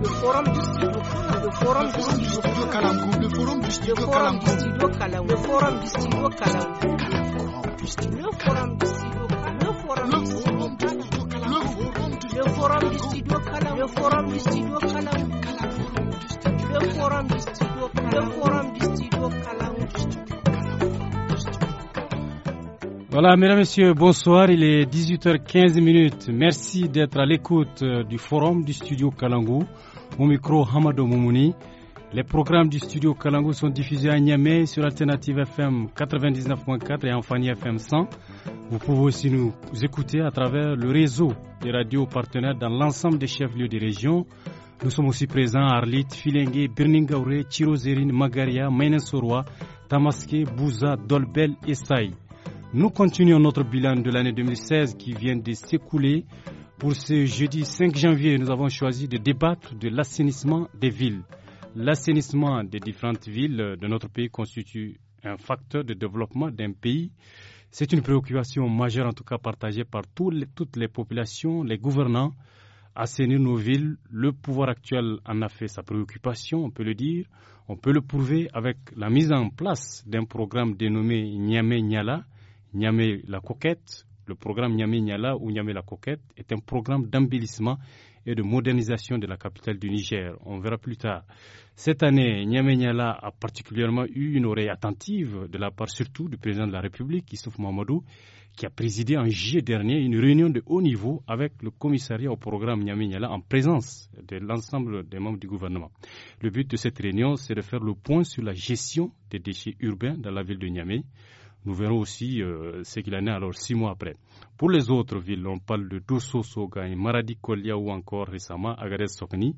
le forum du studio le forum du studio Kalangu, le forum du studio Kalangu, le forum du studio Kalangu, le forum du studio le forum du studio le forum du studio le forum du studio le forum du studio le forum du studio Voilà, mesdames, messieurs, bonsoir. Il est 18h15 minutes. Merci d'être à l'écoute du forum du studio Kalangou. Au micro, Hamado Moumouni. Les programmes du studio Kalango sont diffusés à Niamey sur Alternative FM 99.4 et en Fanny FM 100. Vous pouvez aussi nous écouter à travers le réseau des radios partenaires dans l'ensemble des chefs-lieux des régions. Nous sommes aussi présents à Arlit, Filengue, Birningaure, Chirozérine, Magaria, Mainensoroa, Tamaske, Bouza, Dolbel et Saï. Nous continuons notre bilan de l'année 2016 qui vient de s'écouler. Pour ce jeudi 5 janvier, nous avons choisi de débattre de l'assainissement des villes. L'assainissement des différentes villes de notre pays constitue un facteur de développement d'un pays. C'est une préoccupation majeure, en tout cas partagée par toutes les populations, les gouvernants. Assainir nos villes, le pouvoir actuel en a fait sa préoccupation, on peut le dire. On peut le prouver avec la mise en place d'un programme dénommé Niamey Niala, Niamey la coquette, le programme Niamey-Niala ou Niamey-la Coquette est un programme d'embellissement et de modernisation de la capitale du Niger. On verra plus tard. Cette année, Niamey-Niala a particulièrement eu une oreille attentive de la part surtout du président de la République, Issouf Mamadou, qui a présidé en juillet dernier une réunion de haut niveau avec le commissariat au programme Niamey-Niala en présence de l'ensemble des membres du gouvernement. Le but de cette réunion, c'est de faire le point sur la gestion des déchets urbains dans la ville de Niamey, nous verrons aussi euh, ce qu'il en est alors six mois après. Pour les autres villes, on parle de Dosso, Sogan, Maradi, Kolia ou encore récemment Agadez, Sokni.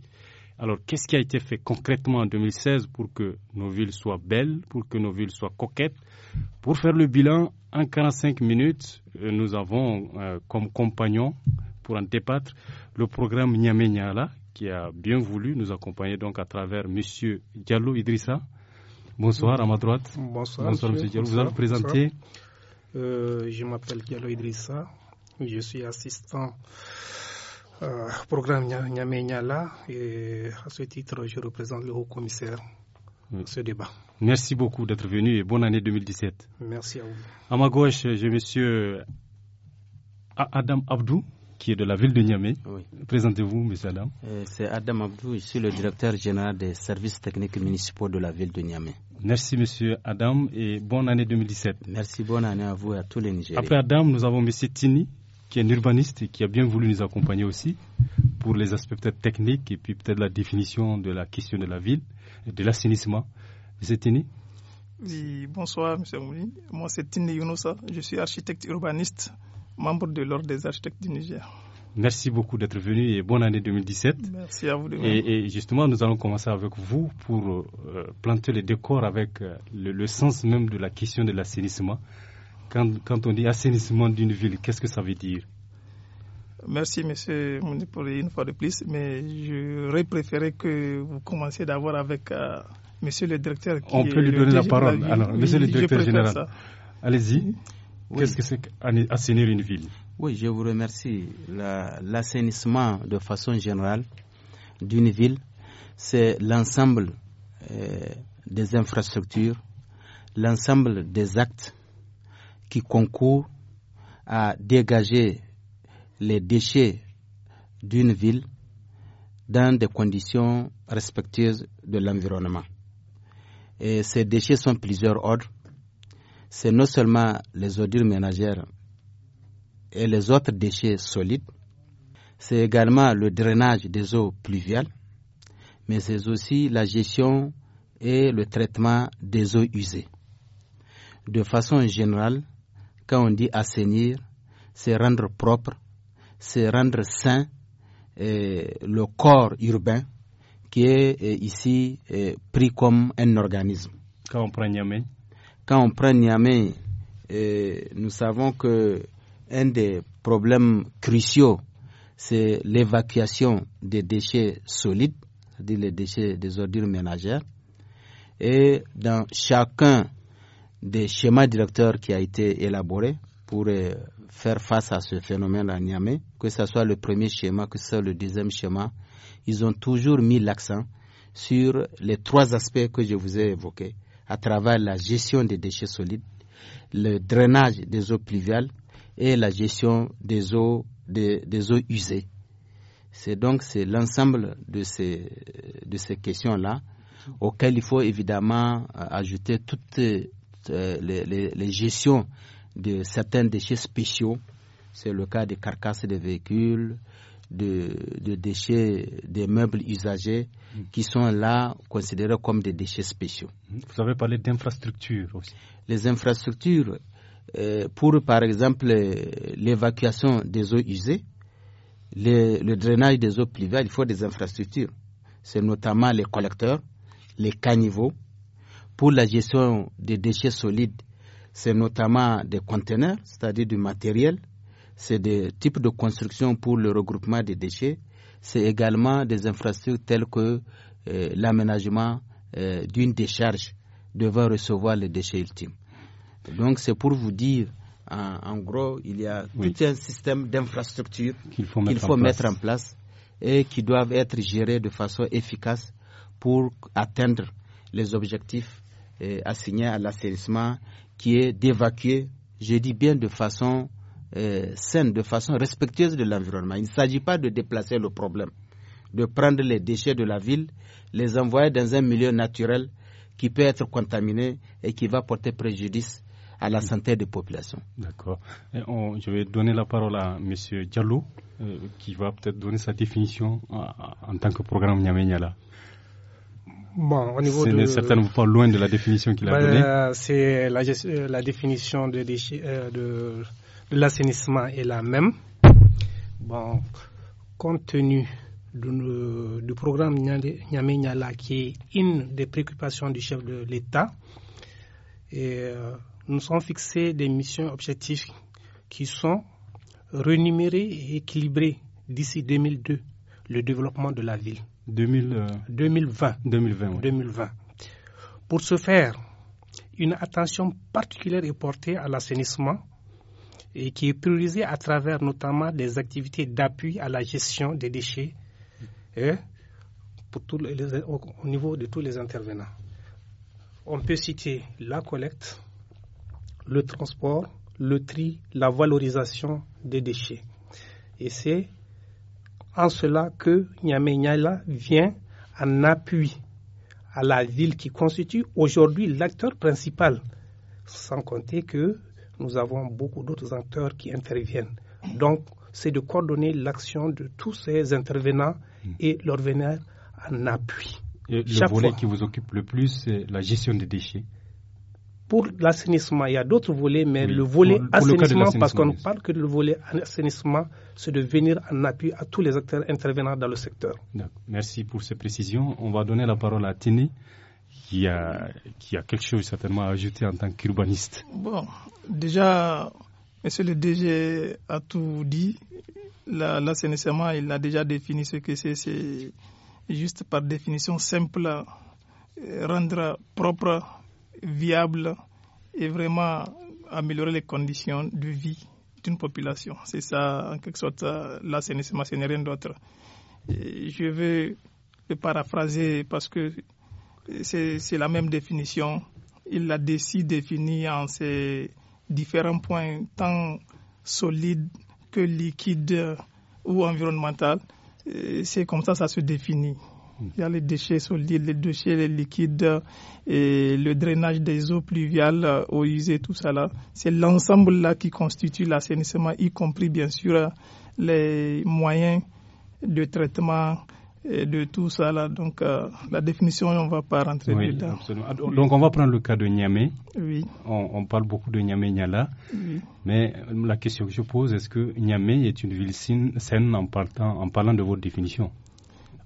Alors, qu'est-ce qui a été fait concrètement en 2016 pour que nos villes soient belles, pour que nos villes soient coquettes Pour faire le bilan, en 45 minutes, euh, nous avons euh, comme compagnon, pour en débattre, le programme Nyamenyala, qui a bien voulu nous accompagner donc à travers M. Diallo Idrissa, Bonsoir à ma droite. Bonsoir, monsieur, Diallo. Vous vous euh, je m'appelle Diallo Idrissa. Je suis assistant euh, au programme Nyame et à ce titre, je représente le haut commissaire ce débat. Merci beaucoup d'être venu et bonne année 2017. Merci à vous. À ma gauche, j'ai monsieur Adam Abdou qui est de la ville de Niamey. Présentez-vous, M. Adam. Euh, c'est Adam Abdou, je suis le directeur général des services techniques municipaux de la ville de Niamey. Merci, M. Adam, et bonne année 2017. Merci, bonne année à vous et à tous les Nigériens. Après Adam, nous avons M. Tini, qui est un urbaniste et qui a bien voulu nous accompagner aussi pour les aspects techniques et puis peut-être la définition de la question de la ville et de l'assainissement. M. Tini bonsoir, M. Mouni. Moi, c'est Tini Younosa. Je suis architecte urbaniste membre de l'Ordre des architectes du Niger. Merci beaucoup d'être venu et bonne année 2017. Merci à vous. De et, et, justement, nous allons commencer avec vous pour euh, planter les décor avec euh, le, sens même de la question de l'assainissement. Quand, on dit assainissement d'une ville, qu'est-ce que ça veut dire Merci, monsieur Mouni, une fois de plus. Mais j'aurais préféré que vous commenciez d'abord avec euh, monsieur le directeur. on peut lui donner la parole. Alors, monsieur le directeur général, allez-y. Qu'est-ce que c'est qu'assainir une ville Oui, je vous remercie. L'assainissement, de façon générale, d'une ville, c'est l'ensemble euh, des infrastructures, l'ensemble des actes qui concourent à dégager les déchets d'une ville dans des conditions respectueuses de l'environnement. Et ces déchets sont plusieurs ordres c'est non seulement les ordures ménagères et les autres déchets solides, c'est également le drainage des eaux pluviales, mais c'est aussi la gestion et le traitement des eaux usées. De façon générale, quand on dit assainir, c'est rendre propre, c'est rendre sain eh, le corps urbain qui est eh, ici eh, pris comme un organisme. Quand quand on prend Niamey, nous savons que des problèmes cruciaux, c'est l'évacuation des déchets solides, c'est-à-dire les déchets des ordures ménagères. Et dans chacun des schémas directeurs qui a été élaboré pour euh, faire face à ce phénomène à Niamey, que ce soit le premier schéma, que ce soit le deuxième schéma, ils ont toujours mis l'accent sur les trois aspects que je vous ai évoqués à travers la gestion des déchets solides, le drainage des eaux pluviales et la gestion des eaux, des, eaux usées. C'est donc c'est l'ensemble de ces, de ces questions-là auxquelles il faut évidemment euh, ajouter toutes euh, les, les gestions de certains déchets spéciaux. C'est le cas des carcasses de véhicules, de, déchets, des meubles usagés mm. qui sont là considérés comme des déchets spéciaux. Mm. Vous avez parlé d'infrastructures aussi. Les infrastructures euh, pour, par exemple, l'évacuation des eaux usées, le, le drainage des eaux pluviales, il faut des infrastructures. C'est notamment les collecteurs, les caniveaux. Pour la gestion des déchets solides, c'est notamment des conteneurs, c'est-à-dire du matériel c'est des types de construction pour le regroupement des déchets. C'est également des infrastructures telles que euh, l'aménagement euh, d'une décharge devant recevoir les déchets ultimes. Donc c'est pour vous dire, en, gros, il y a tout un système d'infrastructures qu'il faut, mettre, en place et qui doivent être gérées de façon efficace pour atteindre les objectifs euh, assignés à l'assainissement qui est d'évacuer, je dis bien de façon euh, de façon respectueuse de l'environnement. Il ne s'agit pas de déplacer le problème, de prendre les déchets de la ville, les envoyer dans un milieu naturel qui peut être contaminé et qui va porter préjudice à la santé des populations. D'accord. Je vais donner la parole à M. Diallo, euh, qui va peut-être donner sa définition euh, en, tant que programme Nyame Nyala. Bon, au niveau de... certainement pas loin de la définition qu'il a bah, donnée. C'est la, euh, définition de, déchets, de l'assainissement est la même. Bon, compte tenu du, programme Nyame Nyala, qui est une des préoccupations du chef de l'État, euh, nous sommes fixés des missions objectifs qui sont renumérées et équilibrées d'ici 2002, le développement de la ville. 2000, 2020. 2020, 2020. Pour ce faire, une attention particulière est portée à l'assainissement et qui est priorisé à travers notamment des activités d'appui à la gestion des déchets hein, pour au, niveau de tous les intervenants. On peut citer la collecte, le transport, le tri, la valorisation des déchets. Et c'est en cela que Niamey vient en appui à la ville qui constitue aujourd'hui l'acteur principal, sans compter que nous avons beaucoup d'autres acteurs qui interviennent. Donc, c'est de coordonner l'action de tous ces intervenants hmm. et leur venir en appui. le volet qui vous occupe le plus, c'est la gestion des déchets. Pour l'assainissement, il y a d'autres volets, mais le volet assainissement, parce qu'on ne parle que du volet assainissement, c'est de venir en appui à tous les acteurs intervenants dans le secteur. Merci pour ces précisions. On va donner la parole à Tini qui a, qui a quelque chose certainement à ajouter en tant qu'urbaniste. Bon, déjà, monsieur le DG a tout dit. L'assainissement, il a déjà défini ce que c'est. C'est juste par définition simple, euh, rendre propre, viable et vraiment améliorer les conditions de vie d'une population. C'est ça, en quelque sorte, l'assainissement, ce n'est rien d'autre. Je veux le paraphraser parce que c'est la même définition. Il l'a décidé définie en ces différents points, tant solides que liquides ou environnementaux. C'est comme ça ça se définit. Il y a les déchets solides, les déchets les liquides et le drainage des eaux pluviales, eaux usées, tout ça là. C'est l'ensemble là qui constitue l'assainissement, y compris bien sûr les moyens de traitement et de tout ça là. Donc euh, la définition, on ne va pas rentrer dedans. Ah, donc on va prendre le cas de Niamey. Oui. On, parle beaucoup de Niamey-Niala. Mais euh, la question que je pose, est-ce que Niamey est une ville saine en, en parlant de votre définition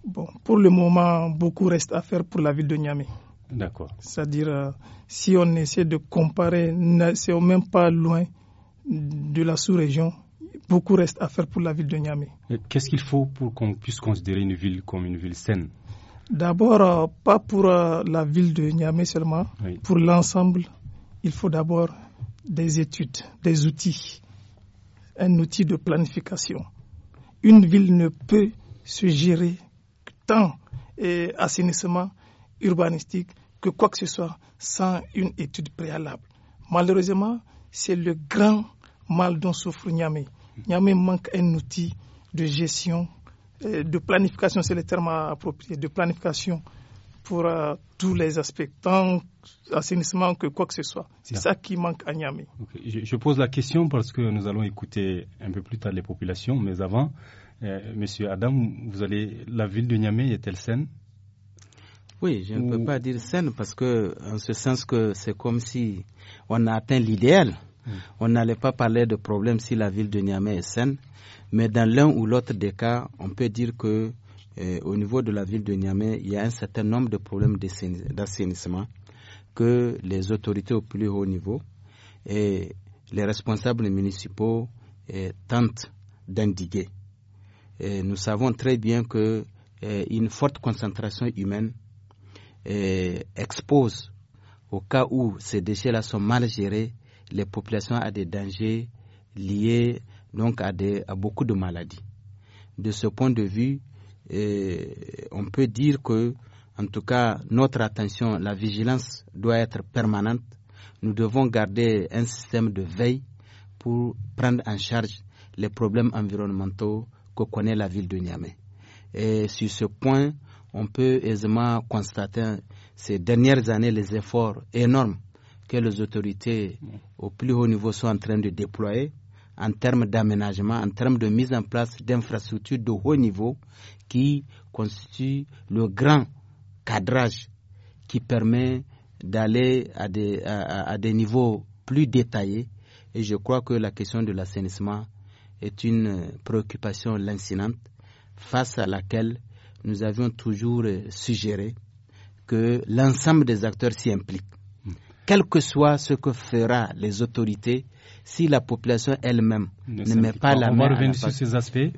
Bon, pour le moment, beaucoup reste à faire pour la ville de Niamey. D'accord. C'est-à-dire, euh, si on essaie de comparer, c'est même pas loin de la sous-région beaucoup reste à faire pour la ville de Niamey. Qu'est-ce qu'il faut pour qu'on puisse considérer une ville comme une ville saine D'abord, euh, pas pour euh, la ville de Niamey seulement, pour l'ensemble, il faut d'abord des études, des outils, un outil de planification. Une ville ne peut se gérer tant et assainissement urbanistique que quoi que ce soit sans une étude préalable. Malheureusement, c'est le grand mal dont souffre Niamey. Niamey manque un outil de gestion, euh, de planification, c'est le terme approprié, de planification pour euh, tous les aspects, tant assainissement que quoi que ce soit. C'est ça qui manque à Niamey. Je, pose la question parce que nous allons écouter un peu plus tard les populations, mais avant, euh, Monsieur Adam, vous allez, la ville de Niamey est-elle saine Oui, je ne peux pas dire saine parce que, en ce sens que c'est comme si on a atteint l'idéal. Mm. On n'allait pas parler de problèmes si la ville de Niamey est saine, mais dans l'un ou l'autre des cas, on peut dire que eh, au niveau de la ville de Niamey, il y a un certain nombre de problèmes d'assainissement que les autorités au plus haut niveau et les responsables municipaux eh, tentent d'indiguer. nous savons très bien que eh, forte concentration humaine expose au cas où ces déchets-là sont mal gérés les populations à des dangers liés donc à, des, à beaucoup de maladies. De ce point de vue, eh, on peut dire que, en tout cas, notre attention, la vigilance doit être permanente. Nous devons garder un système de veille pour prendre en charge les problèmes environnementaux que connaît la ville de Niamey. Et sur ce point, on peut aisément constater ces dernières années les efforts énormes que les autorités mm. au plus haut niveau sont en train de déployer en termes d'aménagement, en termes de mise en place d'infrastructures de haut niveau qui constituent le grand cadrage qui permet d'aller à des, à, des niveaux plus détaillés. Et je crois que la question de l'assainissement est une préoccupation lancinante face à laquelle nous avions toujours suggéré que l'ensemble des acteurs s'y impliquent quel que soit ce que fera les autorités, si la population elle-même ne, met pas, la main. On revenir sur ces aspects.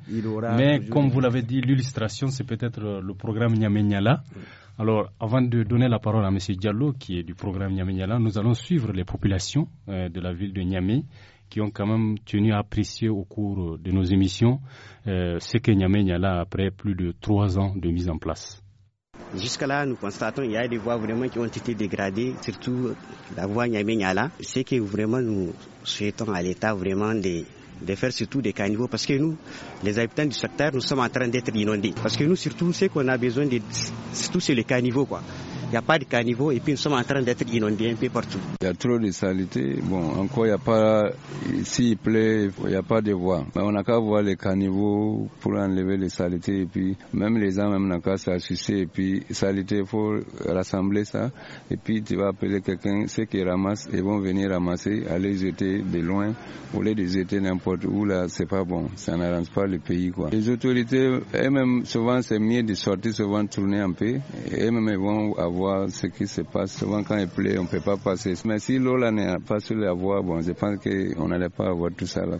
Mais comme vous l'avez dit, l'illustration, c'est peut-être euh, le programme nyamé Alors, avant de donner la parole à M. Diallo, qui est du programme nyamé nous allons suivre les populations euh, de la ville de Nyamé qui ont quand même tenu à apprécier au cours euh, de nos émissions ce que Nyamenyala, après plus de trois ans de mise en place. Jusqu'à là, nous constatons qu'il y a des voies vraiment qui ont été dégradées, surtout la voie Nyamé-Nyala. C'est que vraiment nous souhaitons à l'État vraiment de faire surtout des caniveaux parce que nous, les habitants du secteur, nous sommes en train d'être inondés. Parce que nous, surtout, ce qu'on a besoin, de, surtout, c'est les caniveaux. Quoi. Il n'y a pas de caniveau et puis nous sommes en train d'être inondés un peu partout. Il y a trop de saleté. Bon, encore, il n'y a pas, s'il plaît, il n'y a pas de voie. Mais on n'a qu'à voir les caniveaux pour enlever les saletés et puis même les gens, même n'a qu'à s'assurer et puis saleté, il faut rassembler ça et puis tu vas appeler quelqu'un, ceux qui ramassent, ils vont venir ramasser, aller jeter de loin ou les jeter n'importe où là, c'est pas bon. Ça n'arrange pas le pays quoi. Les autorités, elles-mêmes, souvent c'est mieux de sortir, souvent tourner un peu, elles-mêmes vont avoir ce qui se passe. Souvent, quand il pleut, on ne peut pas passer. Mais si l'eau n'est pas sur la voie, bon, je pense qu'on n'allait pas avoir tout ça là.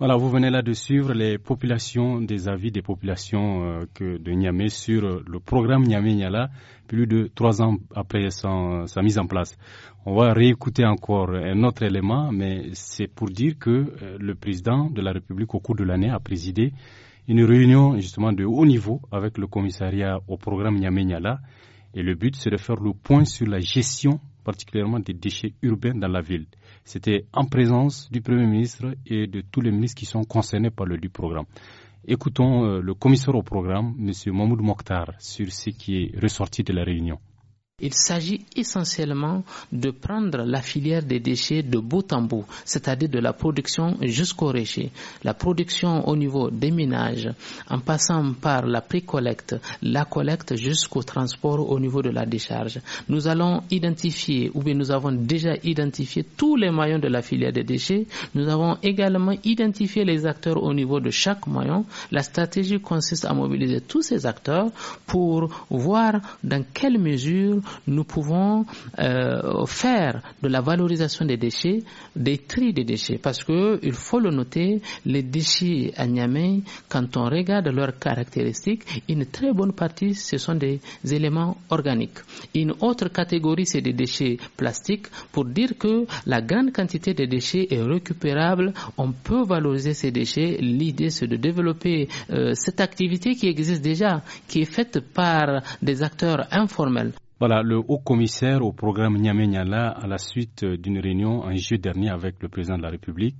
Voilà, vous venez là de suivre les populations, des avis des populations euh, de Niamey sur euh, le programme Niamey-Niala, plus de trois ans après sa mise en place. On va réécouter encore un autre élément, mais c'est pour dire que euh, le président de la République, au cours de l'année, a présidé une réunion justement de haut niveau avec le commissariat au programme Niamey-Niala et le but, c'est de faire le point sur la gestion particulièrement des déchets urbains dans la ville. C'était en présence du Premier ministre et de tous les ministres qui sont concernés par le du programme. Écoutons euh, le commissaire au programme, M. Mahmoud Mokhtar, sur ce qui est ressorti de la réunion. Il s'agit essentiellement de prendre la filière des déchets de bout en bout, c'est-à-dire de la production jusqu'au rejet, la production au niveau des ménages, en passant par la pré-collecte, la collecte jusqu'au transport au niveau de la décharge. Nous allons identifier, ou bien nous avons déjà identifié tous les maillons de la filière des déchets. Nous avons également identifié les acteurs au niveau de chaque maillon. La stratégie consiste à mobiliser tous ces acteurs pour voir dans quelle mesure nous pouvons euh, faire de la valorisation des déchets, des tri des déchets. Parce que, il faut le noter, les déchets à Niamey, quand on regarde leurs caractéristiques, une très bonne partie, ce sont des éléments organiques. Une autre catégorie, c'est des déchets plastiques. Pour dire que la grande quantité de déchets est récupérable, on peut valoriser ces déchets. L'idée, c'est de développer euh, cette activité qui existe déjà, qui est faite par des acteurs informels. Voilà, le haut commissaire au programme Niamey-Niala, à la suite euh, d'une réunion en juillet dernier avec le président de la République,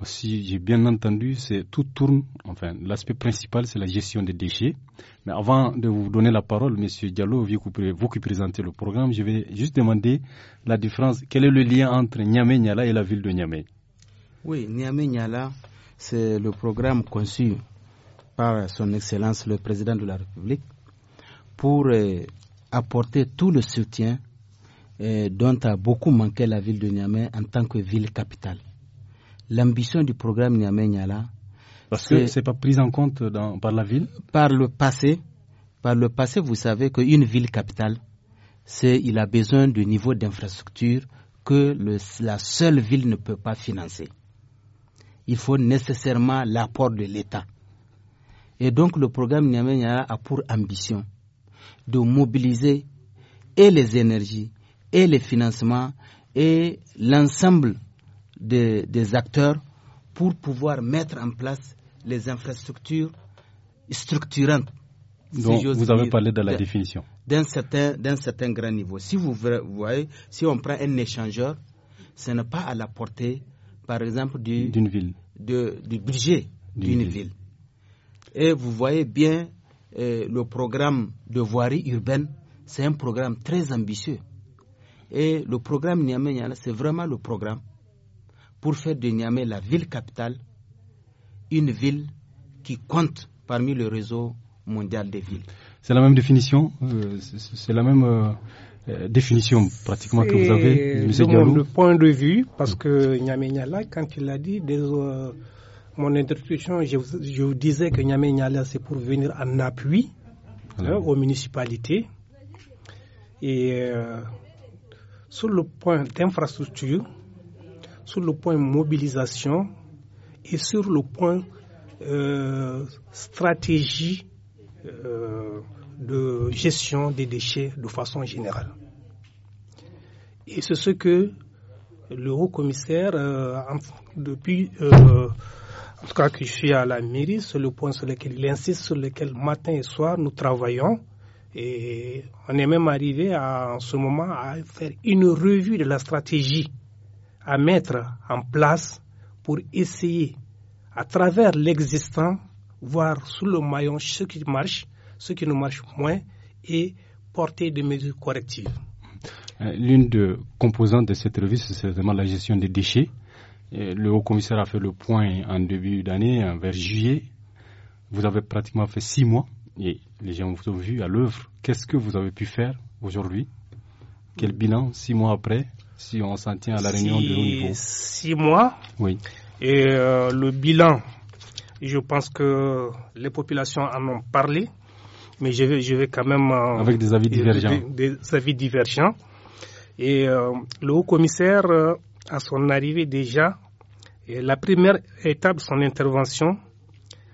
Aussi, j'ai bien entendu, c'est tout tourne, enfin, l'aspect principal, c'est la gestion des déchets. Mais avant de vous donner la parole, Monsieur Diallo, vous qui présentez le programme, je vais juste demander la différence. Quel est le lien entre Niamey-Niala et la ville de Niamey Oui, Niamey-Niala, c'est le programme conçu par Son Excellence le Président de la République pour euh, apporter tout le soutien euh, dont a beaucoup manqué la ville de Niamey en tant que ville capitale. L'ambition du programme Niamey-Niala. Parce que ce n'est pas pris en compte par la ville Par le passé. Par le passé, vous savez qu'une ville capitale, il a besoin du niveau d'infrastructure que la seule ville ne peut pas financer. Il faut nécessairement l'apport de l'État. Et donc le programme Niamey-Niala a pour ambition de mobiliser et les énergies et les financements et l'ensemble des acteurs pour pouvoir mettre en place les infrastructures structurantes. Donc, vous avez parlé de la définition. D'un certain, certain grand niveau. Si vous voyez, si on prend un échangeur, ce n'est pas à la portée, par exemple, du, d'une ville. du budget d'une ville. Et vous voyez bien le programme de voirie urbaine, c'est un programme très ambitieux. Et le programme Niamey-Niala, c'est vraiment le programme pour faire de Niamey la ville capitale, une ville qui compte parmi le réseau mondial des villes. C'est la même définition euh, C'est la même. Euh, euh, définition pratiquement que vous avez, M. le point de vue, parce que Niamey Niala, quand il l'a dit des, mon introduction, je, vous, disais que Nyamé Niala, c'est pour venir en appui hein, aux municipalités. Et euh, sur le point d'infrastructure, sur le point mobilisation et sur le point euh, stratégie euh, de gestion des déchets de façon générale. Et c'est ce que le haut commissaire, euh, depuis euh, en tout cas que je suis à la mairie, c'est le point sur lequel il insiste, sur lequel matin et soir nous travaillons. Et on est même arrivé à, en ce moment à faire une revue de la stratégie à mettre en place pour essayer, à travers l'existant, voir sous le maillon ce qui marche, ce qui ne marche moins et porter des mesures correctives. Euh, l'une des composantes de cette revue, c'est certainement la gestion des déchets. Le haut commissaire a fait le point en début d'année, vers juillet. Vous avez pratiquement fait six mois et les gens vous ont vu à l'œuvre. Qu'est-ce que vous avez pu faire aujourd'hui Quel bilan six mois après si on s'en tient à la réunion de haut niveau Six mois. Oui. Et euh, le bilan, je pense que les populations en ont parlé, mais je vais, je vais quand même. Euh, Avec des avis divergents. Des, avis divergents. Et euh, le haut commissaire, à son arrivée déjà, et la première étape de son intervention,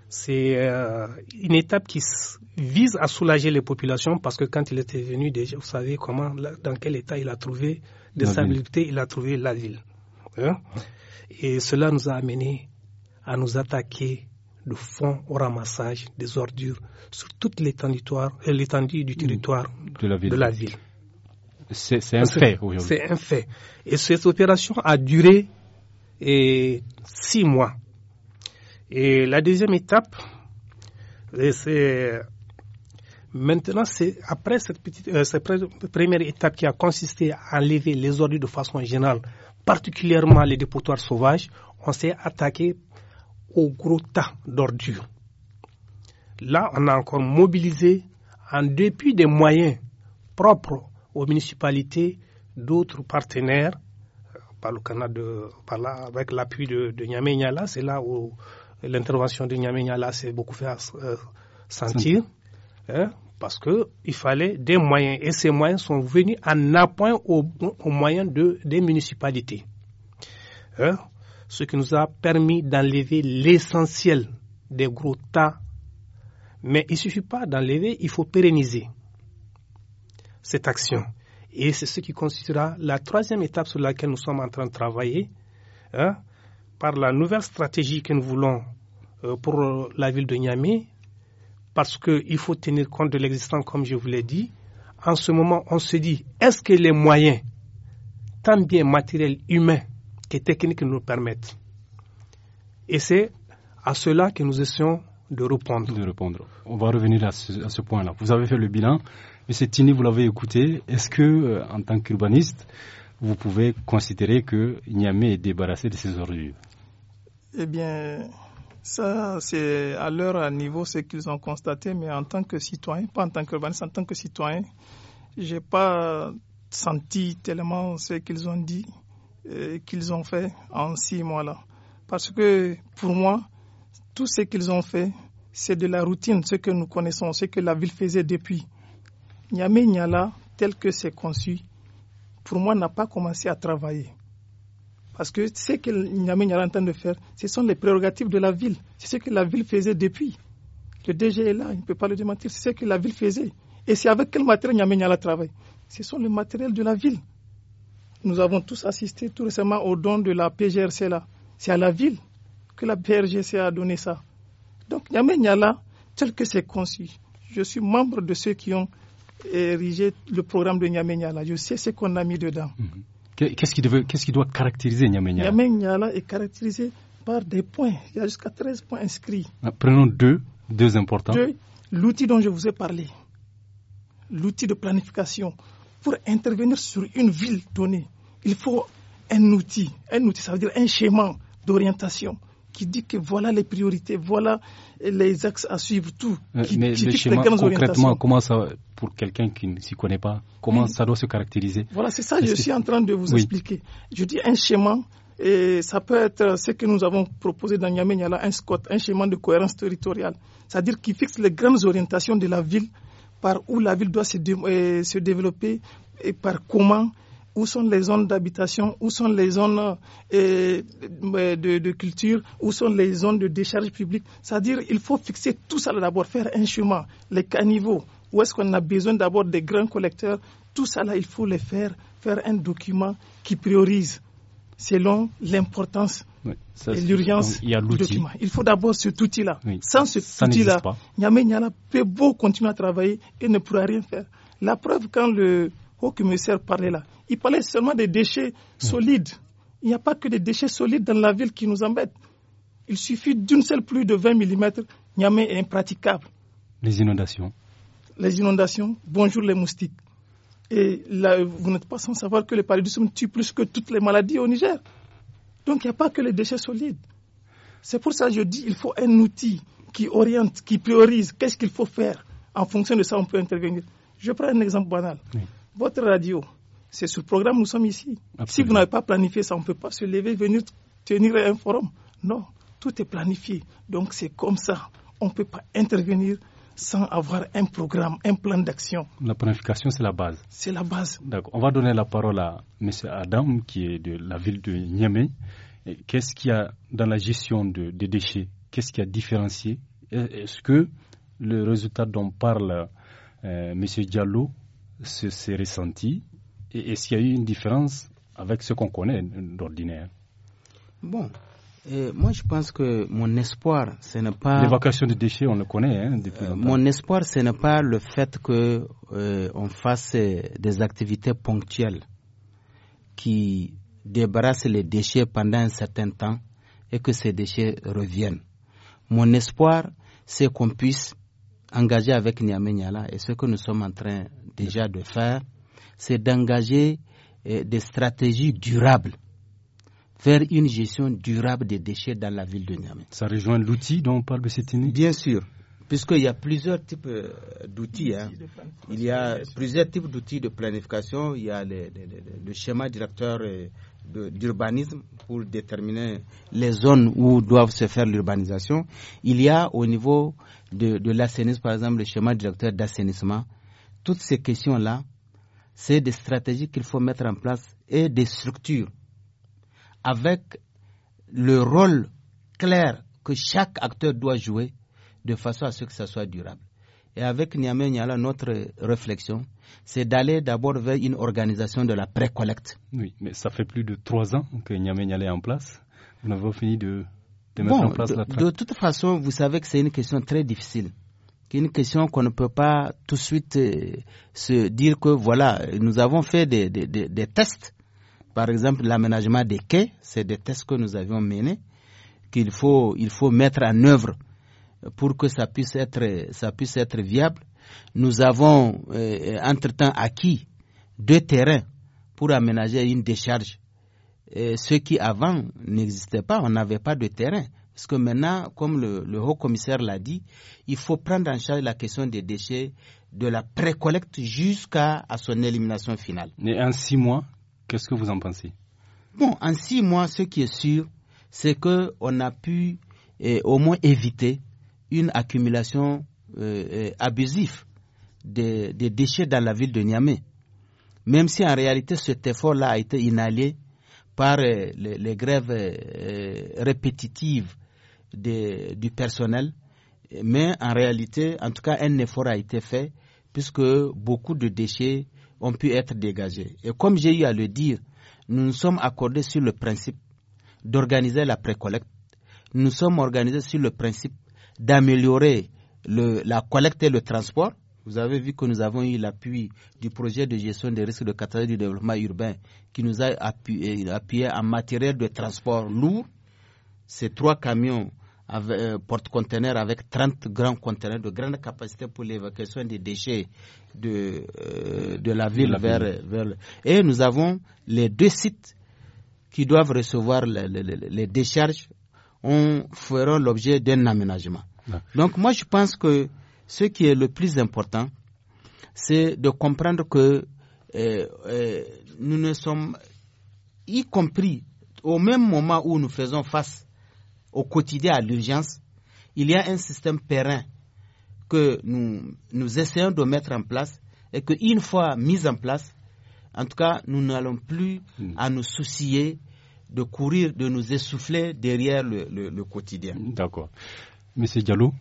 c'est euh, une étape qui vise à soulager les populations parce que quand il était venu, déjà, vous savez comment, dans quel état il a trouvé de la il a trouvé la ville. Hein. Et cela nous a amené à nous attaquer de fond au ramassage des ordures sur toute euh, l'étendue du territoire de la De la ville. C'est un fait. C'est un fait. Et cette opération a duré et six mois. Et la deuxième étape, c'est maintenant, c'est après cette, petite, euh, cette première étape qui a consisté à enlever les ordures de façon générale, particulièrement les dépotoirs sauvages, on s'est attaqué au gros tas d'ordures. Là, on a encore mobilisé, en dépit des moyens propres aux municipalités, d'autres partenaires par le Canada, de par là, avec l'appui de, de Niamey c'est là où l'intervention de Niamey Nyala s'est beaucoup fait euh, sentir. Hein, parce qu'il fallait des moyens et ces moyens sont venus en appoint aux, moyen moyens de, des municipalités. Hein. ce qui nous a permis d'enlever l'essentiel des gros tas. Mais il ne suffit pas d'enlever, il faut pérenniser cette action. Et c'est ce qui constituera la troisième étape sur laquelle nous sommes en train de travailler hein, par la nouvelle stratégie que nous voulons euh, pour euh, la ville de Niamey, parce qu'il faut tenir compte de l'existant, comme je vous l'ai dit. En ce moment, on se dit, est-ce que les moyens, tant bien matériels, humains que techniques, nous permettent Et c'est à cela que nous essayons de répondre. De répondre. On va revenir à ce point-là. Vous avez fait le bilan Monsieur Tini, vous l'avez écouté. Est-ce que, euh, en tant qu'urbaniste, vous pouvez considérer que Niamey est débarrassé de ces ordures Eh bien, ça, c'est à leur niveau ce qu'ils ont constaté, mais en tant que citoyen, pas en tant qu'urbaniste, en tant que citoyen, je n'ai pas senti tellement ce qu'ils ont dit, et euh, qu'ils ont fait en six mois-là. Parce que pour moi, tout ce qu'ils ont fait, c'est de la routine, ce que nous connaissons, ce que la ville faisait depuis. Nyame Nyala, tel que c'est conçu, pour moi, n'a pas commencé à travailler. Parce que ce que Nyame Nyala est en train de faire, ce sont les prérogatives de la ville. C'est ce que la ville faisait depuis. Le DG est là, il ne peut pas le démentir. C'est ce que la ville faisait. Et c'est avec quel matériel Nyame Nyala travaille Ce sont le matériel de la ville. Nous avons tous assisté tout récemment au don de la PGRC là. C'est à la ville que la PRGC a donné ça. Donc Nyame Nyala, tel que c'est conçu, je suis membre de ceux qui ont ériger le programme de Niamey Je sais ce qu'on a mis dedans. Mhm. Qu'est-ce qui, doit caractériser Niamey Niala est caractérisé par des points. Il y a jusqu'à 13 points inscrits. Ah, prenons deux, deux importants. l'outil dont je vous ai parlé, l'outil de planification. Pour intervenir sur une ville donnée, il faut un outil. Un outil, ça veut dire un schéma d'orientation qui dit que voilà les priorités, voilà les axes à suivre, tout. Euh, mais le schéma, concrètement, comment ça, pour quelqu'un qui ne s'y connaît pas, comment ça doit se caractériser Voilà, c'est ça que je suis en train de vous expliquer. Je dis un schéma, et ça peut être ce que nous avons proposé dans y Nyala, un SCOT, un schéma de cohérence territoriale, c'est-à-dire qui fixe les grandes orientations de la ville, par où la ville doit se euh, développer et par comment où sont les zones d'habitation, où sont les zones euh, euh, de, culture, où sont les zones de décharge publique. C'est-à-dire il faut fixer tout ça d'abord, faire un chemin, les caniveaux, où est-ce qu'on a besoin d'abord des grands collecteurs. Tout ça là, il faut les faire, faire un document qui priorise selon l'importance et l'urgence du document. Il faut d'abord cet outil-là. Sans cet outil-là, Niamey Niala peut beau continuer à travailler et ne pourra rien faire. La preuve, quand le haut commissaire parlait là, il parlait seulement des déchets solides. Il n'y a pas que des déchets solides dans la ville qui nous embêtent. Il suffit d'une seule pluie de 20 mm, Niamé est impraticable. Les inondations. Les inondations, bonjour les moustiques. Et vous n'êtes pas sans savoir que les paludisme tuent plus que toutes les maladies au Niger. Donc il n'y a pas que les déchets solides. C'est pour ça que je dis qu'il faut un outil qui oriente, qui priorise. Qu'est-ce qu'il faut faire En fonction de ça, on peut intervenir. Je prends un exemple banal. Votre radio, c'est sur le programme nous sommes ici. Si vous n'avez pas planifié ça, on ne peut pas se lever, venir tenir un forum. Non, tout est planifié. Donc c'est comme ça. On ne peut pas intervenir sans avoir un programme, un plan d'action. La planification, c'est la base. C'est la base. On va donner la parole à M. Adam, qui est de la ville de Niamey. Qu'est-ce qu'il y a dans la gestion des déchets Qu'est-ce qui a différencié Est-ce que le résultat dont parle Monsieur M. Diallo s'est ressenti et, s'il y a eu une différence avec ce qu'on connaît d'ordinaire Bon, euh, moi je pense que mon espoir, ce n'est pas... L'évacuation des déchets, on le connaît hein, depuis euh, longtemps. mon espoir, ce n'est pas le fait qu'on euh, fasse des activités ponctuelles qui débarrassent les déchets pendant un certain temps et que ces déchets reviennent. Mon espoir, c'est qu'on puisse engager avec Niamey Niala et ce que nous sommes en train déjà de faire, c'est d'engager euh, des stratégies durables faire une gestion durable des déchets dans la ville de Niamey. Ça rejoint l'outil dont on parle de cette année Bien sûr, puisqu'il y a plusieurs types euh, d'outils. Hein. Il y a plusieurs types d'outils de planification. Il y a le, schéma directeur euh, d'urbanisme pour déterminer les zones où doivent se faire l'urbanisation. Il y a au niveau de, de l'assainissement, par exemple, le schéma directeur d'assainissement. Toutes ces questions-là, c'est des stratégies qu'il faut mettre en place et des structures avec le rôle clair que chaque acteur doit jouer de façon à ce que ça soit durable. Et avec Niamey Niala, notre réflexion, c'est d'aller d'abord vers une organisation de la pré-collecte. Oui, mais ça fait plus de trois ans que Niamey Niala est en place. Nous pas fini de, mettre en place la De toute façon, vous savez que c'est une question très difficile une question qu'on ne peut pas tout de suite euh, se dire que voilà, nous avons fait des, tests. Par exemple, l'aménagement des quais, c'est des tests que nous avions menés, qu'il faut, il faut mettre en œuvre pour que ça puisse être, ça puisse être viable. Nous avons euh, entre-temps acquis deux terrains pour aménager une décharge, ce qui avant n'existait pas, on n'avait pas de terrain. Parce que maintenant, comme le, haut commissaire l'a dit, il faut prendre en charge la question des déchets de la précollecte jusqu'à à son élimination finale. Mais en six mois, qu'est-ce que vous en pensez Bon, en six mois, ce qui est sûr, c'est qu'on a pu eh, au moins éviter une accumulation eh, eh, abusive des, déchets dans la ville de Niamey. Même si en réalité cet effort-là a été inhalé par les, grèves répétitives du personnel. Mais en réalité, en tout cas, un effort a été fait puisque beaucoup de déchets ont pu être dégagés. Et comme j'ai eu à le dire, nous nous sommes accordés sur le principe d'organiser la précollecte. Nous sommes organisés sur le principe d'améliorer la collecte et le transport. Vous avez vu que nous avons eu l'appui du projet de gestion des risques de catastrophe du développement urbain qui nous a appuyé, euh, appuyé en matériel de transport lourd. Ces trois camions euh, porte-conteneurs avec 30 grands conteneurs de grande capacité pour l'évacuation des déchets de, euh, de la ville, vers, Et nous avons les deux sites qui doivent recevoir les, décharges on fera l'objet d'un aménagement. Donc moi je pense que ce qui est le plus important, c'est de comprendre que euh, nous ne sommes, y compris au même moment où nous faisons face au quotidien à l'urgence, il y a un système pérenne que nous, nous essayons de mettre en place et qu'une fois mis en place, en tout cas, nous n'allons plus à nous soucier de courir, de nous essouffler derrière le, quotidien. D'accord. Monsieur Diallo,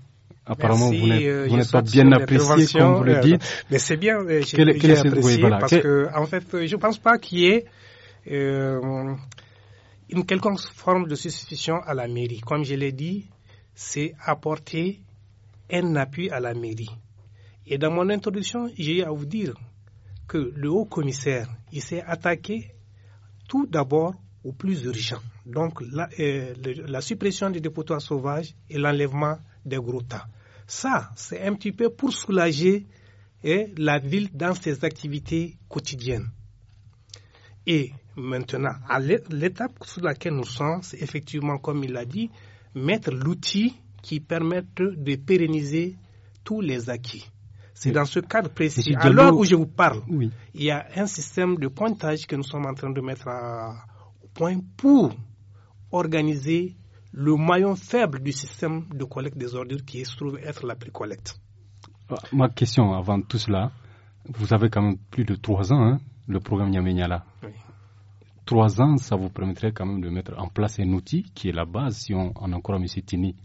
apparemment vous n'êtes euh, pas bien apprécié, comme vous le euh, dites. Mais c'est bien, j'ai apprécié parce que, en fait, euh, je ne pense pas qu'il y ait une quelconque forme de suspicion à la mairie. Comme je l'ai dit, c'est apporter un appui à la mairie. Et dans mon introduction, j'ai à vous dire que le haut commissaire, il s'est attaqué tout d'abord au plus urgent. Donc la, euh, suppression des dépotoirs sauvages et l'enlèvement des gros tas. Ça, c'est un petit peu pour soulager hein, la ville dans ses activités quotidiennes. Et Maintenant, à l'étape sur laquelle nous sommes, c'est effectivement, comme il l'a dit, mettre l'outil qui permette de pérenniser tous les acquis. C'est dans ce cadre précis. À l'heure où je vous parle, il y a un système de pointage que nous sommes en train de mettre au point pour organiser le maillon faible du système de collecte des ordures qui se trouve être la précollecte. Ah, ma question avant tout cela, vous avez quand même plus de trois ans, hein, le programme niamey Oui trois ans, ça vous permettrait quand même de mettre en place un outil qui est la base, si on, on en croit M. Tini.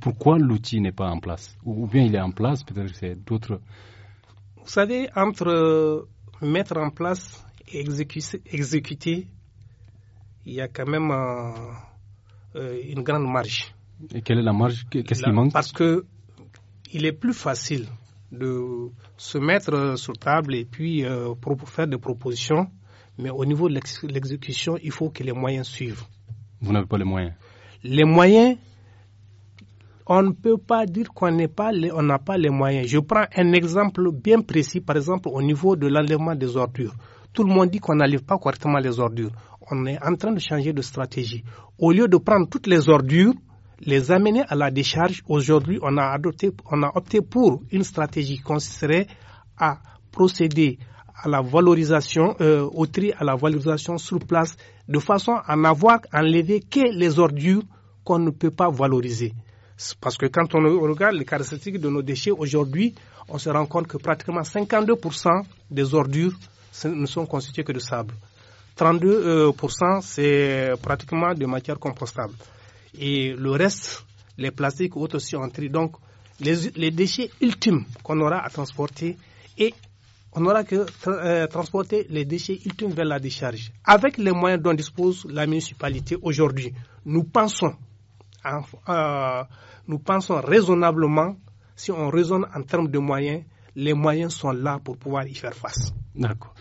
Pourquoi l'outil n'est pas en place ou, bien il est en place, peut-être c'est d'autres. Vous savez, entre euh, mettre en place et exécuter, exécuter il y a quand même euh, euh, une grande marge. Et quelle est la marge Qu'est-ce qui manque Parce que il est plus facile de se mettre sur table et puis pour faire des propositions mais au niveau de l'exécution, il faut que les moyens suivent. Vous n'avez pas les moyens Les moyens, on ne peut pas dire qu'on n'est pas, pas, les moyens. Je prends un exemple bien précis, par exemple au niveau de l'enlèvement des ordures. Tout le monde dit qu'on n'enlève pas correctement les ordures. On est en train de changer de stratégie. Au lieu de prendre toutes les ordures, les amener à la décharge, aujourd'hui on a adopté, on a opté pour une stratégie qui consisterait à procéder à la valorisation, euh, au tri à la valorisation sur place, de façon à n'avoir enlevé que les ordures qu'on ne peut pas valoriser. Parce que quand on regarde les caractéristiques de nos déchets aujourd'hui, on se rend compte que pratiquement 52% des ordures ne sont constituées que de sable. 32% euh, c'est pratiquement de matière compostable. Et le reste, les plastiques ou autres, aussi en tri. Donc, les déchets ultimes qu'on aura à transporter et on n'aura que euh, transporter les déchets ultimes vers la décharge. Avec les moyens dont dispose la municipalité aujourd'hui, nous pensons, euh, nous pensons raisonnablement, si on raisonne en termes de moyens, les moyens sont là pour pouvoir y faire face. D'accord.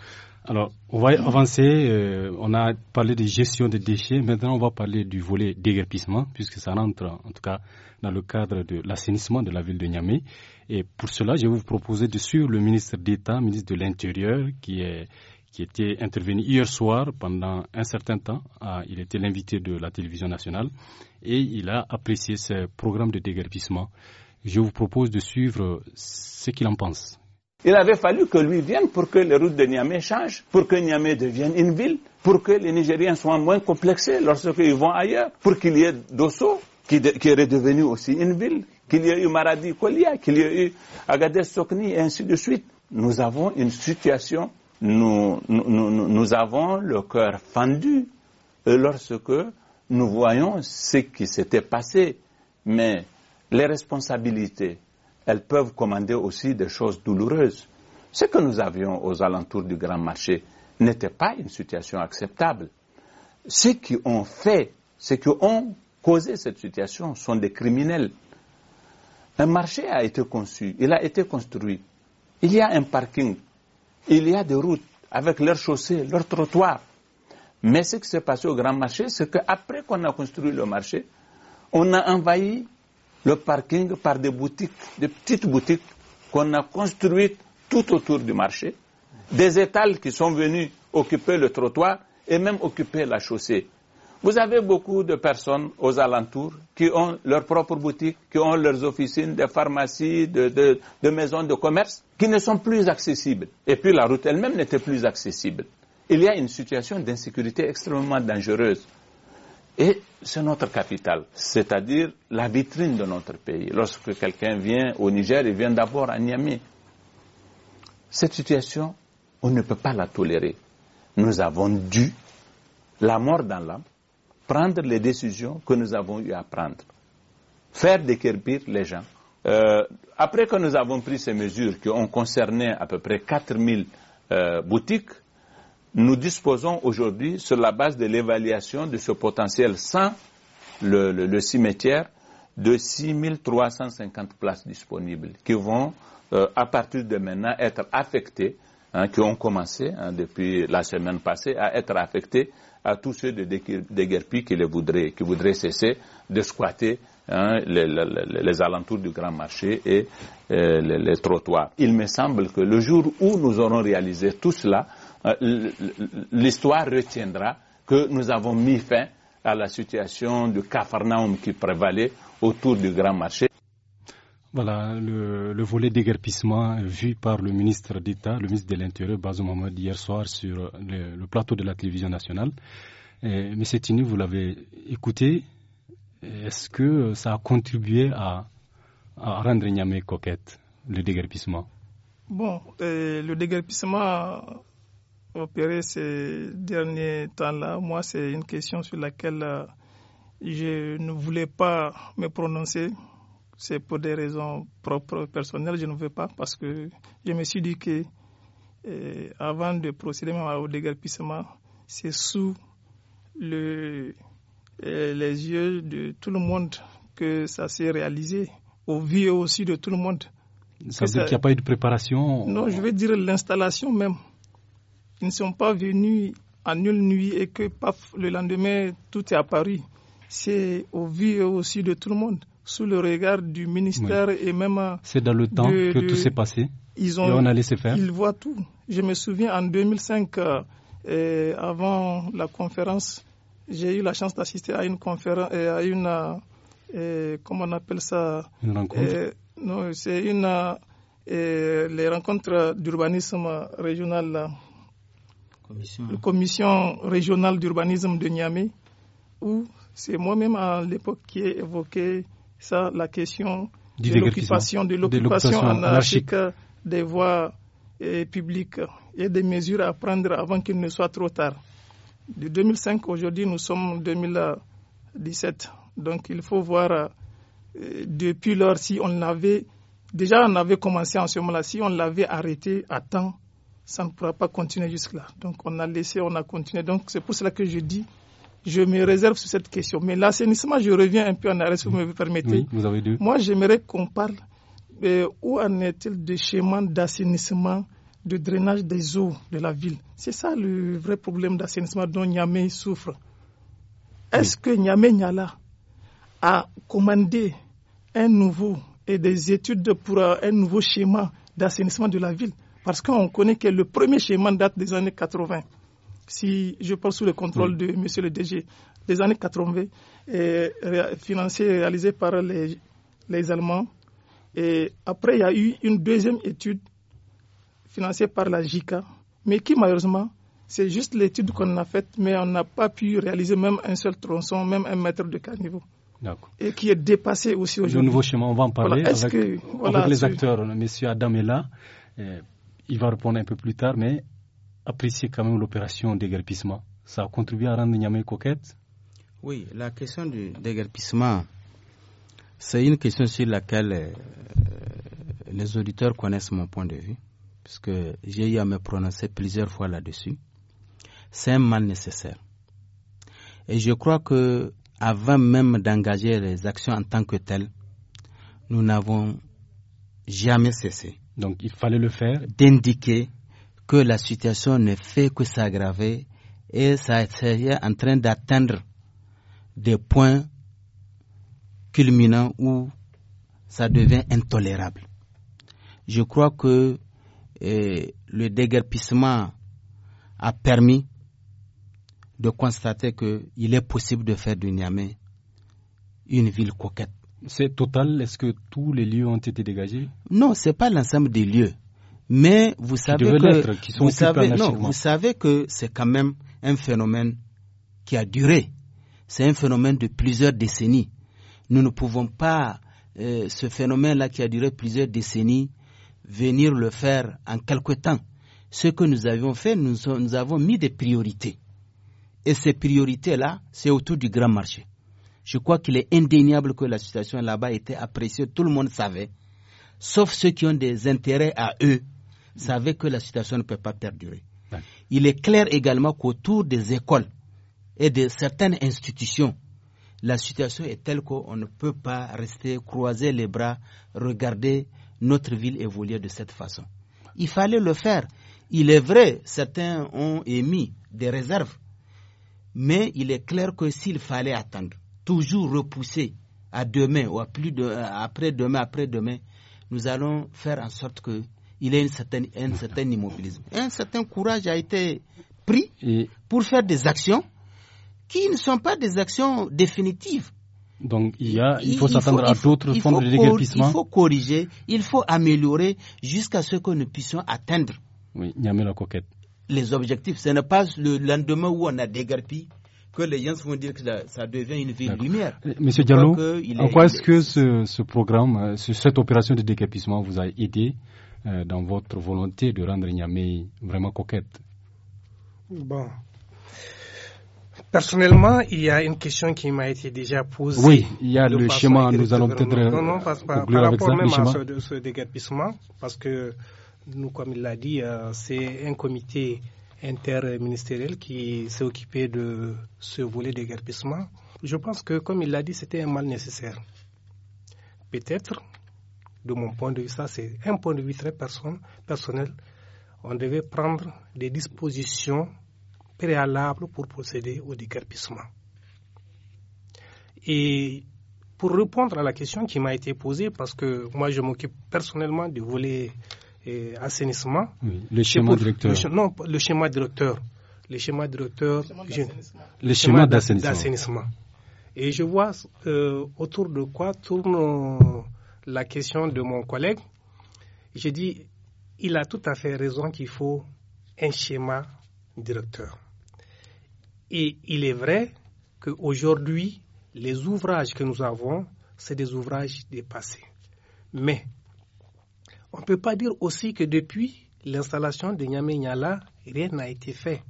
Alors, on va avancer. Euh, on a parlé de gestion des déchets. Maintenant, on va parler du volet déguerpissement, puisque ça rentre en tout cas dans le cadre de l'assainissement de la ville de Niamey. Et pour cela, je vais vous proposer de suivre le ministre d'État, ministre de l'Intérieur, qui était intervenu hier soir pendant un certain temps. Ah, il était l'invité de la télévision nationale et il a apprécié ce programme de déguerpissement. Je vous propose de suivre ce qu'il en pense. Il avait fallu que lui vienne pour que les routes de Niamey changent, pour que Niamey devienne une ville, pour que les Nigériens soient moins complexés lorsqu'ils vont ailleurs, pour qu'il y ait Dosso, qui, est redevenu aussi une ville, qu'il y ait eu Maradi Kolia, qu'il y ait eu Agadez Sokni, et ainsi de suite. Nous avons une situation, nous, nous avons le cœur fendu euh, lorsque nous voyons ce qui s'était passé. Mais les responsabilités elles peuvent commander aussi des choses douloureuses. Ce que nous avions aux alentours du grand marché n'était pas une situation acceptable. Ceux qui ont fait, ceux qui ont causé cette situation sont des criminels. Un marché a été conçu, il a été construit. Il y a un parking, il y a des routes avec leurs chaussées, leurs trottoirs. Mais ce qui s'est passé au grand marché, c'est qu'après qu'on a construit le marché, on a envahi le parking par des boutiques, des petites boutiques qu'on a construites tout autour du marché, des étals qui sont venus occuper le trottoir et même occuper la chaussée. Vous avez beaucoup de personnes aux alentours qui ont leurs propres boutiques, qui ont leurs officines, des pharmacies, de, de, de maisons de commerce, qui ne sont plus accessibles. Et puis la route elle-même n'était plus accessible. Il y a une situation d'insécurité extrêmement dangereuse. Et c'est notre capitale, c'est-à-dire la vitrine de notre pays. Lorsque quelqu'un vient au Niger, il vient d'abord à Niamey. Cette situation, on ne peut pas la tolérer. Nous avons dû, la mort dans l'âme, prendre les décisions que nous avons eu à prendre. Faire déquerbir les gens. Euh, après que nous avons pris ces mesures qui ont concerné à peu près 4000 euh, boutiques, nous disposons aujourd'hui, sur la base de l'évaluation de ce potentiel sans le, le, le cimetière, de 6350 places disponibles qui vont, euh, à partir de maintenant, être affectées, hein, qui ont commencé hein, depuis la semaine passée à être affectées à tous ceux de déguerpis qui, les voudraient, qui voudraient cesser de squatter hein, les, alentours du grand marché et euh, les, trottoirs. Il me semble que le jour où nous aurons réalisé tout cela, euh, l'histoire retiendra que nous avons mis fin à la situation de cafarnaum qui prévalait autour du grand marché. Voilà le, volet déguerpissement vu par le ministre d'État, le ministre de l'Intérieur, Bazoum hier soir sur le, plateau de la télévision nationale. Et, mais vous l'avez écouté. Est-ce que ça a contribué à, à rendre Niamey coquette, le déguerpissement Bon, euh, le déguerpissement opéré ces derniers temps-là. Moi, c'est une question sur laquelle euh, je ne voulais pas me prononcer. C'est pour des raisons propres, personnelles, je ne veux pas, parce que je me suis dit que euh, avant de procéder au dégarpissement, c'est sous le, euh, les yeux de tout le monde que ça s'est réalisé, au vu aussi de tout le monde. Ça veut dire qu'il n'y a pas eu de préparation Non, je veux dire l'installation même. Ils ne sont pas venus à nulle nuit et que paf, le lendemain, tout est à Paris. C'est au vu aussi de tout le monde, sous le regard du ministère et même. Euh, c'est dans le temps que tout s'est passé. Ils ont, laissé faire. Ils voient tout. Je me souviens en 2005, euh, euh, avant la conférence, j'ai eu la chance d'assister à une conférence, à une. comment on appelle ça Une rencontre. non, c'est une. les rencontres d'urbanisme régional commission, la commission régionale d'urbanisme de Niamey, où c'est moi-même à l'époque qui ai évoqué ça, la question de l'occupation, de l'occupation anarchique, des voies euh, publiques et des mesures à prendre avant qu'il ne soit trop tard. De 2005 aujourd'hui, nous sommes en 2017. Donc il faut voir euh, depuis lors si on l'avait déjà on avait commencé en ce moment-là, si on l'avait arrêté à temps, ça ne pourra pas continuer jusque-là. Donc on a laissé, on a continué. Donc c'est pour cela que je dis, je me réserve sur cette question. Mais l'assainissement, je reviens un peu en arrière, si vous me permettez. Moi, j'aimerais qu'on parle euh, où en est-il des schémas d'assainissement, de drainage des eaux de la ville. C'est ça le vrai problème d'assainissement dont Niamey souffre. Est-ce que Niamey Niala a commandé un nouveau et des études pour euh, un nouveau schéma d'assainissement de la ville parce qu'on connaît que le premier schéma date des années 80. Si je parle sous le contrôle de M. le DG, des années 80, et financé et réalisé par les, Allemands. Et après, il y a eu une deuxième étude financée par la JICA, mais qui malheureusement, c'est juste l'étude qu'on a faite, mais on n'a pas pu réaliser même un seul tronçon, même un mètre de caniveau. Et qui est dépassé aussi aujourd'hui. Le nouveau schéma, on va en parler avec, les acteurs. M. Adam est là il va répondre un peu plus tard, mais appréciez quand même l'opération déguerpissement. Ça a contribué à rendre Niamey coquette Oui, la question du déguerpissement, c'est une question sur laquelle euh, les auditeurs connaissent mon point de vue, puisque j'ai eu à me prononcer plusieurs fois là-dessus. C'est un mal nécessaire. Et je crois que avant même d'engager les actions en tant que telles, nous n'avons jamais cessé donc il fallait le faire. D'indiquer que la situation ne fait que s'aggraver et ça est en train d'atteindre des points culminants où ça devient intolérable. Je crois que eh, le déguerpissement a permis de constater qu'il est possible de faire du Niamey une ville coquette. C'est total Est-ce que tous les lieux ont été dégagés Non, ce n'est pas l'ensemble des lieux. Mais vous savez que, vous, savez, que c'est quand même un phénomène qui a duré. C'est un phénomène de plusieurs décennies. Nous ne pouvons pas, euh, ce phénomène-là qui a duré plusieurs décennies, venir le faire en quelques temps. Ce que nous avions fait, nous avons mis des priorités. Et ces priorités-là, c'est autour du grand marché. Je crois qu'il est indéniable que la situation là-bas était appréciée, tout le monde savait, sauf ceux qui ont des intérêts à eux, savaient que la situation ne peut pas perdurer. Il est clair également qu'autour des écoles et de certaines institutions, la situation est telle qu'on ne peut pas rester croiser les bras, regarder notre ville évoluer de cette façon. Il fallait le faire. Il est vrai, certains ont émis des réserves, mais il est clair que s'il fallait attendre, toujours repoussé à demain ou à plus de, après-demain, après-demain, nous allons faire en sorte que il y ait une certaine, un certain immobilisme. Un certain courage a été pris pour faire des actions qui ne sont pas des actions définitives. Donc il, faut s'attendre à d'autres fonds de déguerpissement. Il faut corriger, il faut améliorer jusqu'à ce que nous puissions atteindre. Les objectifs, ce n'est pas le lendemain où on a déguerpi que les gens vont dire que ça devient une ville lumière. Euh, monsieur Diallo, euh, en quoi est-ce que ce, programme, euh, cette opération de décapissement vous a aidé dans votre volonté de rendre Niamey vraiment coquette Bon. Personnellement, il y a une question qui m'a été déjà posée. Oui, il y a le schéma, nous allons peut-être. Non, non, parce, par, rapport même à ce, décapissement, parce que nous, comme il l'a dit, c'est un comité interministériel qui s'est occupé de ce volet déguerpissement. Je pense que, comme il l'a dit, c'était un mal nécessaire. Peut-être, de mon point de vue, ça c'est un point de vue très personnel, on devait prendre des dispositions préalables pour procéder au déguerpissement. Et pour répondre à la question qui m'a été posée, parce que moi je m'occupe personnellement du volet et assainissement. le schéma directeur. Le, non, le schéma directeur. Le schéma directeur. Le schéma d'assainissement. Et je vois euh, autour de quoi tourne euh, la question de mon collègue. Je dis, il a tout à fait raison qu'il faut un schéma directeur. Et il est vrai qu'aujourd'hui, les ouvrages que nous avons, c'est des ouvrages dépassés. Mais on ne peut pas dire aussi que depuis l'installation de Nyame rien n'a été fait.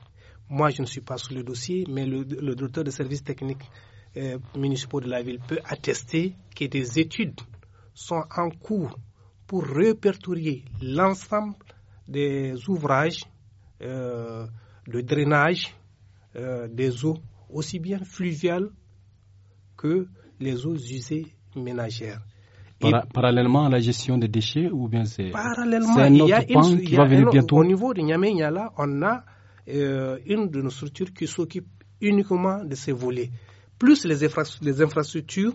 Moi, je ne suis pas sur le dossier, mais le, docteur de des services techniques euh, municipaux de la ville peut attester que des études sont en cours pour répertorier l'ensemble des ouvrages euh, de drainage euh, des eaux, aussi bien fluviales que les eaux usées ménagères parallèlement à la gestion des déchets ou bien c'est un autre il y a une, qui va venir bientôt. Au niveau de Niamey on a euh, une de nos structures qui s'occupe uniquement de ces volets, plus les, infrastructures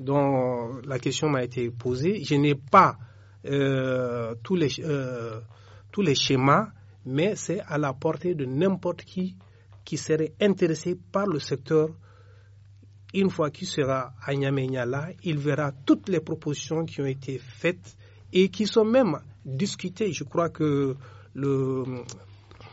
dont la question m'a été posée. Je n'ai pas euh, tous, les, euh, tous les schémas, mais c'est à la portée de n'importe qui qui serait intéressé par le secteur une fois qu'il sera à niamey il verra toutes les propositions qui ont été faites et qui sont même discutées. Je crois que le,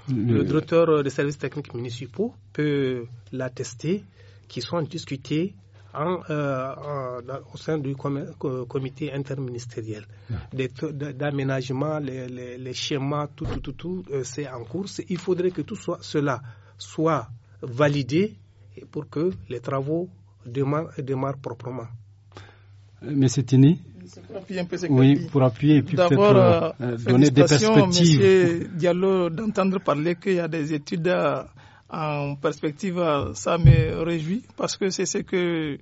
directeur des services techniques municipaux peut l'attester, qui sont discutées euh, au sein du comité interministériel ah. d'aménagement, les, schémas, tout, tout, tout, euh, c'est en cours. Il faudrait que tout cela soit validé pour que les travaux et démarre proprement. Mais Tini. oui, pour appuyer et puis peut-être euh, euh, euh, donner des perspectives. Monsieur Diallo, d'entendre parler qu'il y a des études en perspective, ça me réjouit parce que c'est ce que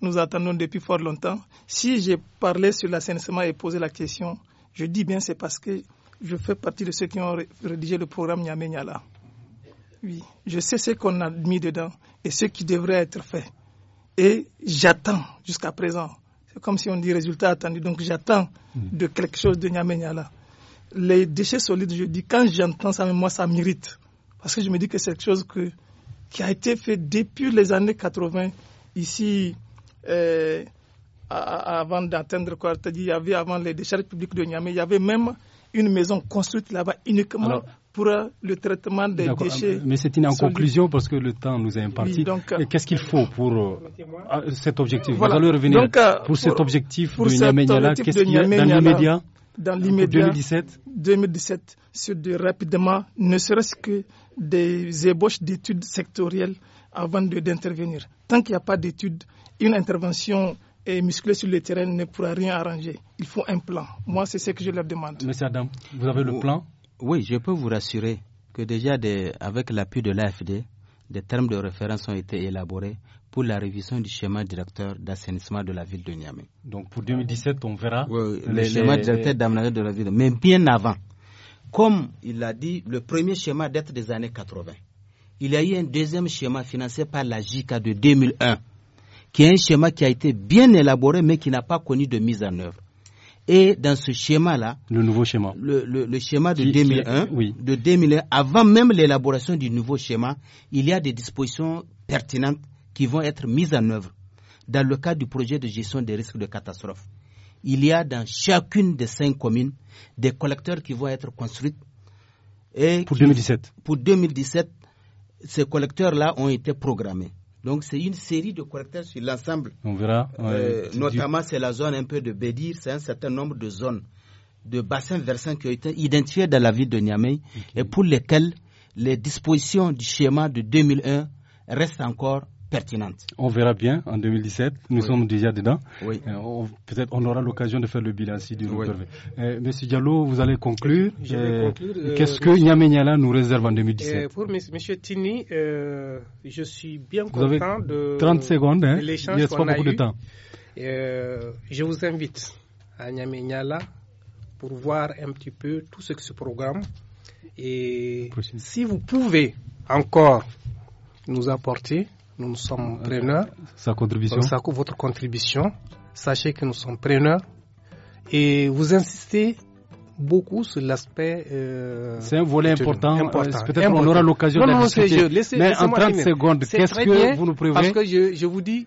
nous attendons depuis fort longtemps. Si j'ai parlé sur l'assainissement et posé la question, je dis bien c'est parce que je fais partie de ceux qui ont rédigé le programme niamey Nyala. Oui, je sais ce qu'on a mis dedans et ce qui devrait être fait et j'attends jusqu'à présent. C'est comme si on dit résultat attendu. Donc j'attends hmm. de quelque chose de Niamey-Niala. Les déchets solides, je dis, quand j'entends ça, moi, ça m'irrite. Parce que je me dis que c'est quelque chose que, qui a été fait depuis les années 80 ici. Euh, avant d'atteindre quoi, il y avait avant les décharges publiques de Niamey, il y avait même une maison construite là-bas uniquement pour le traitement des déchets. Mais c'est une en conclusion parce que le temps nous est imparti. Qu'est-ce qu'il euh, faut pour euh, ah, cet objectif Vous allez revenir euh, pour, cet objectif pour de Qu'est-ce qu'il y a dans l'immédiat Dans l'immédiat 2017 2017, sur de rapidement, ne serait-ce que des ébauches d'études sectorielles avant d'intervenir. Tant qu'il n'y a pas d'études, une intervention et sur le terrain ne pourra rien arranger. Il faut un plan. Moi, c'est ce que je leur demande. Monsieur Adam, vous avez le plan oui, je peux vous rassurer que déjà, avec l'appui de l'AFD, des termes de référence ont été élaborés pour la révision du schéma directeur d'assainissement de la ville de Niamey. Donc pour 2017, on verra le schéma directeur d'aménagement de la ville, mais bien avant. Comme il l'a dit, le premier schéma date des années 80. Il y a eu un deuxième schéma financé par la JICA de 2001, qui est un schéma qui a été bien élaboré mais qui n'a pas connu de mise en œuvre. Et dans ce schéma-là, le nouveau schéma, le, le, le schéma de 2001, de 2001, avant même l'élaboration du nouveau schéma, il y a des dispositions pertinentes qui vont être mises en œuvre dans le cadre du projet de gestion des risques de catastrophe. Il y a dans chacune des cinq communes des collecteurs qui vont être construits. Et pour 2017. Pour 2017, ces collecteurs-là ont été programmés. Donc c'est une série de correcteurs sur l'ensemble. On verra. Euh, notamment c'est la zone un peu de Bédir, c'est un certain nombre de zones, de bassins versants qui ont été identifiés dans la ville de Niamey et pour lesquelles les dispositions du schéma de 2001 restent encore pertinente. On verra bien en 2017. Nous sommes déjà dedans. Oui. Euh, peut-être on aura l'occasion de faire le bilan si Dieu nous euh, Monsieur Diallo, vous allez conclure. Euh, qu'est-ce que Niamey Niala nous réserve en 2017 Pour Monsieur Tini, je suis bien vous content avez de 30 secondes. Hein. Il n'y a pas beaucoup de temps. je vous invite à Niamey Niala pour voir un petit peu tout ce que ce programme. Et si vous pouvez encore nous apporter nous sommes ah, preneurs. Sa contribution. votre contribution. Sachez que nous sommes preneurs. Et vous insistez beaucoup sur l'aspect. Euh, c'est un volet important. Euh, peut-être qu'on aura l'occasion de discuter. Mais en 30 secondes, qu'est-ce que vous nous prévoyez Parce que je, vous dis,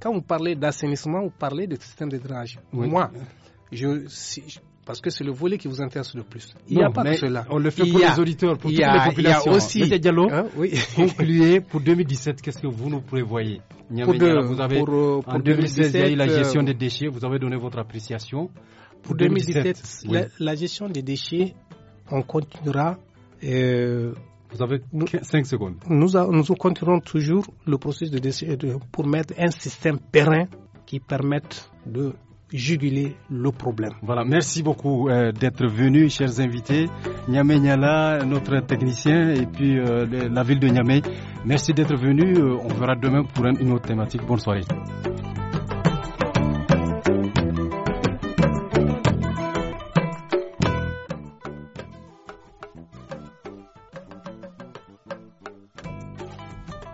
quand vous parlez d'assainissement, vous parlez de système de drainage. Moi, je, parce que c'est le volet qui vous intéresse le plus. Il n'y a pas cela. On le fait pour les auditeurs, pour toutes les populations. Il y a aussi. Hein, pour 2017, qu'est-ce que vous nous prévoyez pour vous avez, 2016, euh, il y a eu la gestion euh, des déchets, vous avez donné votre appréciation. Pour, 2017, la, gestion des déchets, on continuera. Euh, vous avez 5 secondes. Nous, continuons nous continuerons toujours le processus de déchets pour mettre un système périn qui permette de juguler le problème. Voilà, merci beaucoup euh, d'être venu, chers invités. Niamey Niala, notre technicien, et puis euh, la ville de Niamey. Merci d'être venu. Euh, on verra demain pour une autre thématique. Bonne soirée.